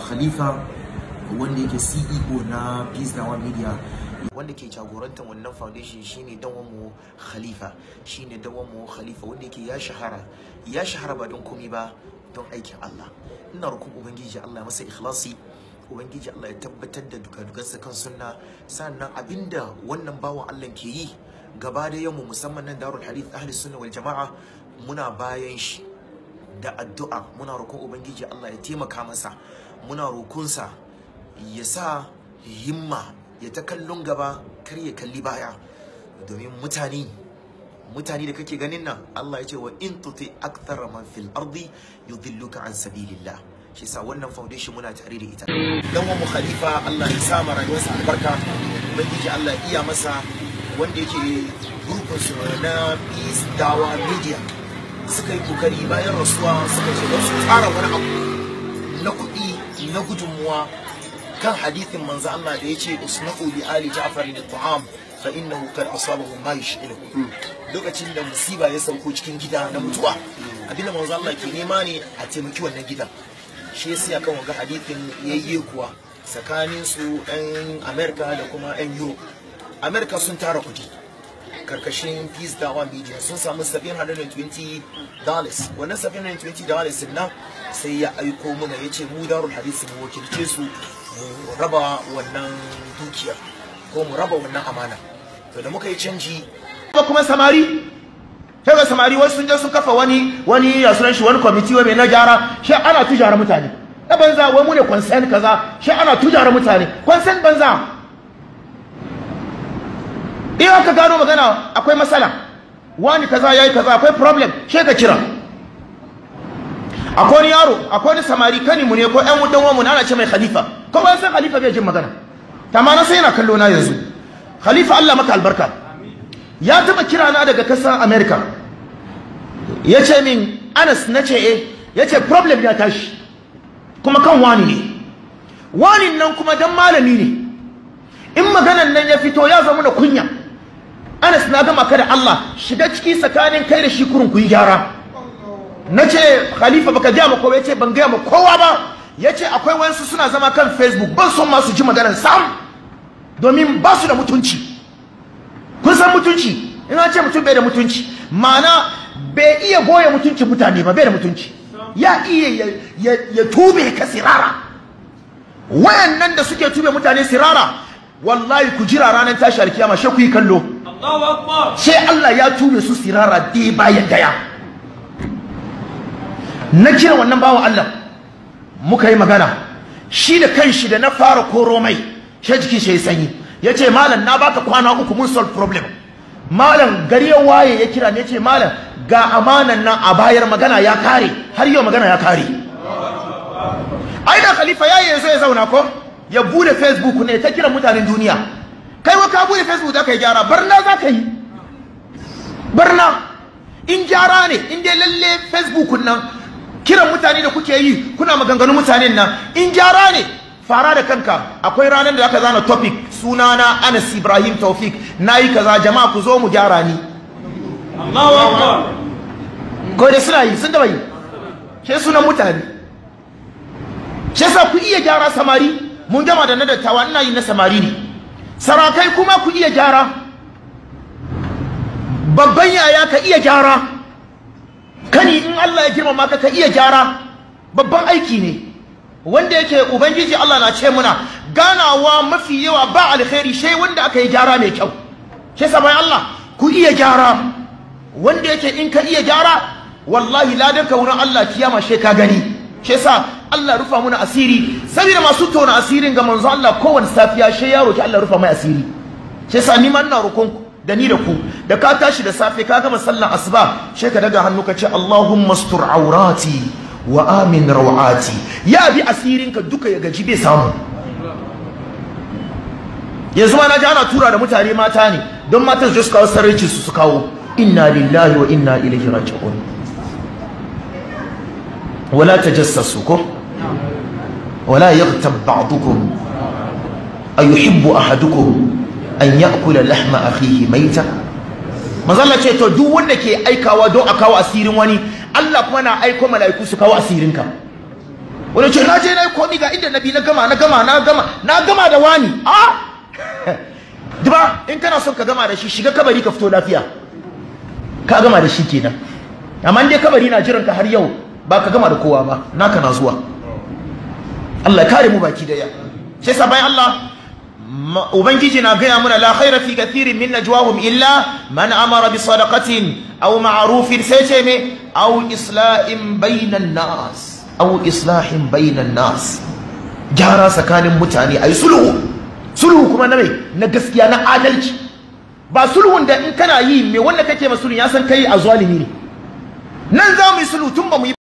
khalifa wanda yake ceo na peace now media wanda ke jagorantar wannan foundation shine mu khalifa shine mu khalifa wanda yake ya shahara ya shahara ba don komai ba don aikin Allah ina rukun ubangiji Allah masa ikhlasi ubangiji Allah ya tabbatar da dukadukansa kan sunna sannan abinda wannan bawan Allah ke yi gaba da yammu musamman nan darul hadith ahli sunna wal jama'a muna bayan shi da addu'a muna roƙon ubangiji Allah ya taimaka masa muna rukunsa ya sa himma ya ta kallon gaba kar ya kalli baya domin mutane mutane da kake ganin nan Allah ya ce wa in tuti akthara man fil ardi yudilluka an sabilillah shi yasa wannan foundation muna tare da ita dan wa khalifa Allah ya sa ma rayuwarsa albarka ubangiji Allah iya masa wanda yake gurbin su na peace dawa media suka yi kokari bayan rasuwa suka ce su tsara wani abu na kuɗi na gudunmuwa kan hadithin manzo Allah da yace usna'u li ali ja'far li ta'am fa innahu kad asabahu ma yash'ilu lokacin da musiba ya sauko cikin gida na mutuwa abinda manzo Allah ke nema ne a taimaki wannan gida shi yasa akan waga hadithin yayye kuwa tsakanin 'yan amerika da kuma 'yan europe amerika sun tara kudi karkashin peace dawa media sun samu 720 dollars wannan 720 dollars nan sai ya aiko muna ya ce mu darul hadisi mu wakilce su mu raba wannan dukiyar ko mu raba wannan amana to da muka yi canji ba kuma samari ga samari wasu sun je sun kafa wani wani ya shi wani committee wai mai na gyara shi ana tujara mutane na banza wai mu ne consent kaza shi ana tujara mutane kwansan banza in ka gano magana akwai matsala wani kaza yayi kaza akwai problem she ka kira akwai yaro akwai samari kani mu ne ko ɗan wudan wamu na ce mai khalifa ko ba san khalifa bai jin magana na sai yana kallo na yanzu khalifa Allah maka albarka ya taba kira na daga kasar America yace min Anas nace eh yace problem ya tashi kuma kan wani ne wani nan kuma dan malami ne in maganan nan ya fito ya zama na kunya Anas na gama ka da Allah shiga ciki tsakanin kai da shi kurin ku yi gyara na ce khalifa baka gaya ma kowa ya ce ban gaya ma kowa ba ya ce akwai wayansu suna zama kan facebook ban son masu ji maganar sam domin ba su da mutunci kun san mutunci ina ce mutum bai da mutunci ma'ana bai iya goya mutunci mutane ba bai da mutunci ya iya ya tube ka sirara wayannan da suke tube mutane sirara wallahi ku jira ranar tashi alkiyama shi ku yi kallo sai Allah ya ture su sirara dai bayan daya na kira wannan bawan Allah muka yi magana shi da kan shi da na fara koro mai shi jiki shi sanyi yace malam na baka kwana uku mun solve problem malam gari ya waye ya kira ne ce malam ga amanan nan a bayar magana ya kare har yau magana ya kare ai da khalifa yayi yazo ya zauna ko ya bude facebook ne ta kira mutanen duniya kai wa ka bude facebook za ka yi gyara barna za ka yi barna in gyara ne in dai lalle facebook nan kiran mutane da kuke yi kuna maganganun mutanen nan in gyara ne fara da kanka akwai ranar da aka zana topic sunana Anas Ibrahim Taufik nayi kaza jama'a ku zo mu gyara ni Allahu akbar gode suna yi sun da ke sunan mutane ke sa ku iya gyara samari mun gama da na dattawa ina yi na samari ne sarakai kuma ku iya gyara babban yaya ka iya gyara kani in Allah ya girmama ka ka iya gyara babban aiki ne wanda yake ubangiji Allah na ce muna ganawa mafi yawa ba alheri shai wanda aka yi gyara mai kyau shi sabai Allah ku iya gyara wanda yake in ka iya gyara wallahi ladan ka wurin Allah kiyama shi ka gani shi sa. Allah rufa muna asiri saboda masu tona asirin ga manzo Allah kowanne safiya she ya ki Allah rufa mai asiri she yasa ni ma ina ku da ni da ku da ka tashi da safe ka gama sallan asuba she ka daga hannu ka ce Allahumma astur aurati wa amin rawati ya bi asirin ka duka ya gaji bai samu yanzu ma naji ana tura da mutane mata ne don mata su kawo sarrafi su su kawo inna lillahi wa inna ilaihi raji'un wala tajassasu ko wala yaghtab ba'dukum ayuhibbu ahadukum an ya'kula lahma akhihi maita mazalla ce to duk wanda ke aikawa do a kawo asirin wani Allah kuma na aiko mala'iku su kawo asirin ka wani ce na je na yi komi ga inda nabi na gama na gama na gama na gama da wani a duba in kana son ka gama da shi shiga kabari ka fito lafiya ka gama da shi kenan amma dai kabari na jiran ka har yau ba ka gama da kowa ba naka na zuwa Allah kare mu baki daya sai sa bayan Allah ubangiji na gaya muna la khaira fi kathirin min najwahum illa man amara bi sadaqatin aw ma'rufin sai ce me aw islahin bainan nas aw islahin bainan nas gyara tsakanin mutane ai sulhu sulhu kuma na mai na gaskiya na adalci ba sulhun da in kana yi me wanda kake masulun ya san kai a zalimi ne nan za mu yi sulhu tun ba mu yi